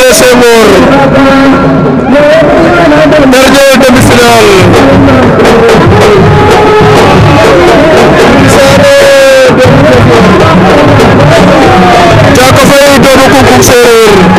Adrien Senghor dernier demi-finale Thiaka Faye doomu Koungheul séeréer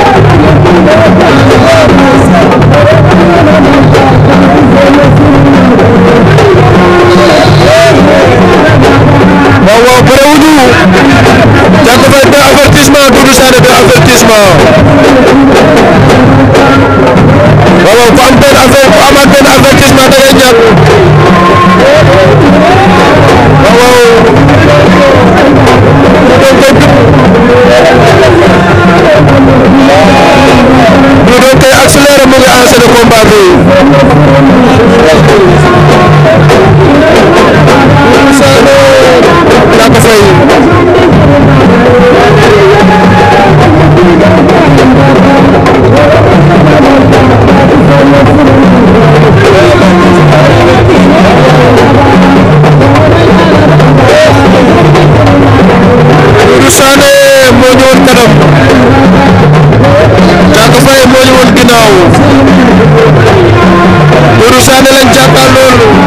de combat bi Sané Ndiaka Faye Sané moo ñu woon kanam Ndiaka Faye moo ñu woon ginnaaw Doudou Sané lañ jàkkaar loolu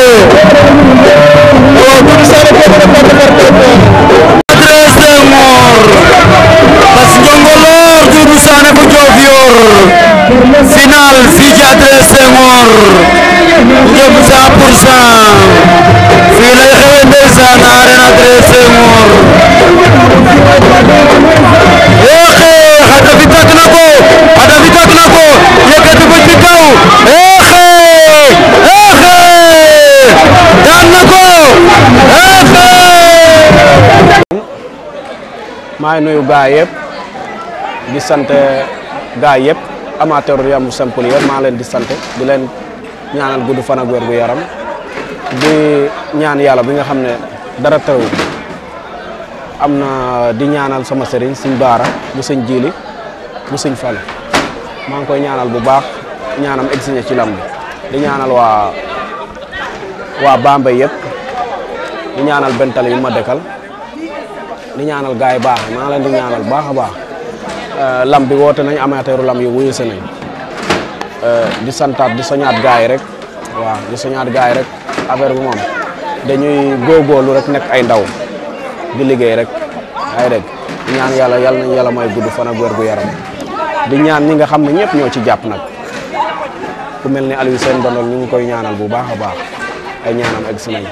Yo, yo, yo, yo, yo, yo, maa ngi nuyu gaa yëpp di sant gaa yëpp amateur yam simple yëpp maa leen di sant di leen ñaanal gudd fan ak wér gu yaram di ñaan yàlla bi nga xam ne dara taw am na di ñaanal sama sëriñ suñ baara bu suñ jiili bu suñ fal maa ngi koy ñaanal bu baax ñaanam exigné ci lamb di ñaanal waa waa Bambey di ñaanal bental yu ma dëkkal di ñaanal gars yi baax maa ngi leen di ñaanal baax a baax euh, lam bi woote nañ amateeru lam yi wuyu si nañ euh, di santaat di soñaat gars yi rek waaw di soñaat gars yi rek affaire bu moom dañuy góorgóorlu rek nekk ay ndaw di liggéey rek ay rek di ñaan yàlla yàlla nañ yàlla may gudd fan a wér gu yaram di ñaan ñi nga xam ne ñëpp ñoo ci jàpp nag ku mel ni Aliou seen Bandol ñu ngi koy ñaanal bu baax a baax ay ñaanam egg nañ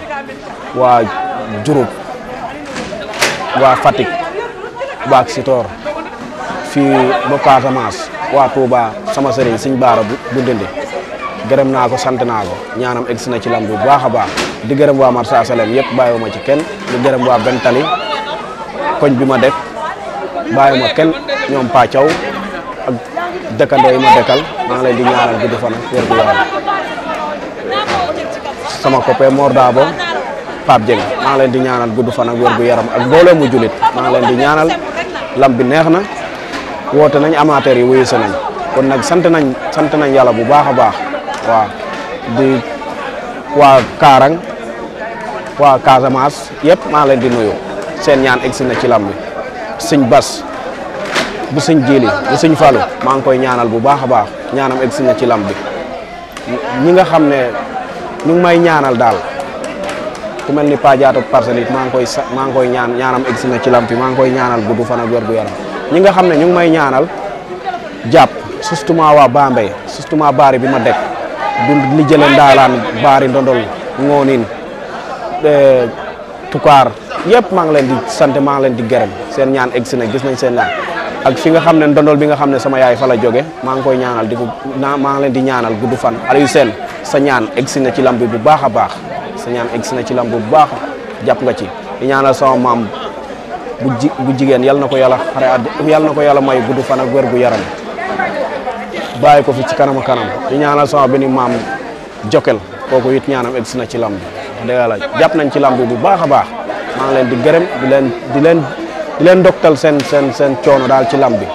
waa Diouroup waa Fatick waa Sitor fii ba Casamance waa Touba sama sëriñ Sëñ Baara bu Ndindi gërëm naa ko sant naa ko ñaanam egg si na ci lam bu baax a baax di gërëm waa Marsa Salem yëpp bàyyiwuma ci kenn di gërëm waa Bentali koñ bi ma dëkk bàyyiwuma kenn ñoom Pacaw ak dëkkandoo yi ma dëkkal maa ngi leen di ñaanal guddi fan ak sama copain Mor Dabo Pape Dieng maa leen di ñaanal gudd fan ak wér gu yaram ak mbooloo mu julit maa leen di ñaanal lam bi neex na woote nañ amateur yi wuyu si nañ kon nag sant nañ sant nañ yàlla bu baax a baax waaw waa Kaarang waa Casamance yëpp maa leen di nuyu seen ñaan egsi na ci lam bi Bas bu sëñ Jili bu sëñ Fallou maa ngi koy ñaanal bu baax a baax ñaanam egsi na ci lam bi ñi nga xam ne ñu may ñaanal daal ku mel ni paajaatu parcelle it maa ngi koy sa maa koy ñaan ñaanam egsi na ci lampi maa ngi koy ñaanal gudd fan ak wér gu ñi nga xam ne ñu ngi may ñaanal jàpp surtout waa Bambey surtout baari bi ma dekk du li jëlee ndaalaan baari ndondol ngoonin eh, tukaar yëpp maa ngi leen di sant maa ngi leen di gërëm seen ñaan egsi na gis nañ seen ñaan ak fi nga xam ne ndondol bi nga xam ne sama yaay fa la jóge maa ngi koy ñaanal di ko maa ngi leen di ñaanal gudd fan Aliou Sène sa ñaan egsi na ci lambi bu baax a baax sa ñaam na ci lamb bu baax jàpp nga ci di ñaanal sama maam bu bu jigéen yal na ko yàlla xare àdd yal na ko yàlla may gudd fan a wér gu yaram bàyyi ko fi ci kanam kanam di ñaanal sama benn maam Jokel kooku it ñaanam egg na ci lamb wax jàpp nañ ci lamb bu baax a baax maa leen di gërëm di leen di leen leen doktal seen seen seen coono daal ci lamb bi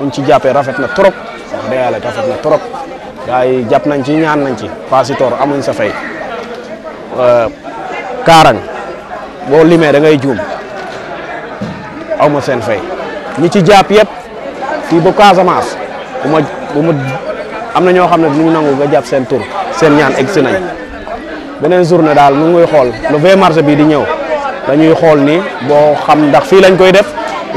buñ ci jàppee rafet na trop wax dëgg yàlla rafet na trop gars yi ci ñaan nañ ci paasitoor amuñ sa Euh, kaarang boo limee da ngay juum aw ma seen fay ñi ci jàpp yëpp fii ba bu ma bu ma am na ñoo xam ne duñu nangu nga jàpp seen tur seen ñaan egg si nañ beneen ne daal nu nguy xool le 20 mars bii di ñëw dañuy xool ni boo xam ndax fii lañ koy def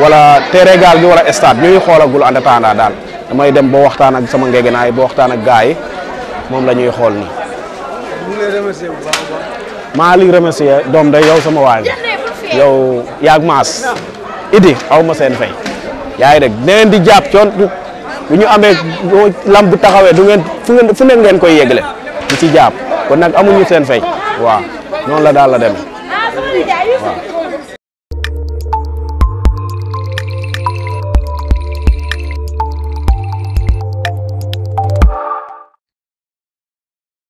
wala terrain gaal gi wala stade ñuy xoolagul en attendant daal damay dem boo waxtaan ak sama ngegenaay boo waxtaan ak gaa yi moom la ñuy xool nii. maa li remercier doom day yow sama waay yow yaag maas idi aw ma seen fay yaa ngi dégg neen di jàpp coon bu ñu amee lam bu taxawee du ngeen fu ngeen fu koy yegle di ci jàpp kon nag amuñu seen fay waaw noonu la daal la demee ah,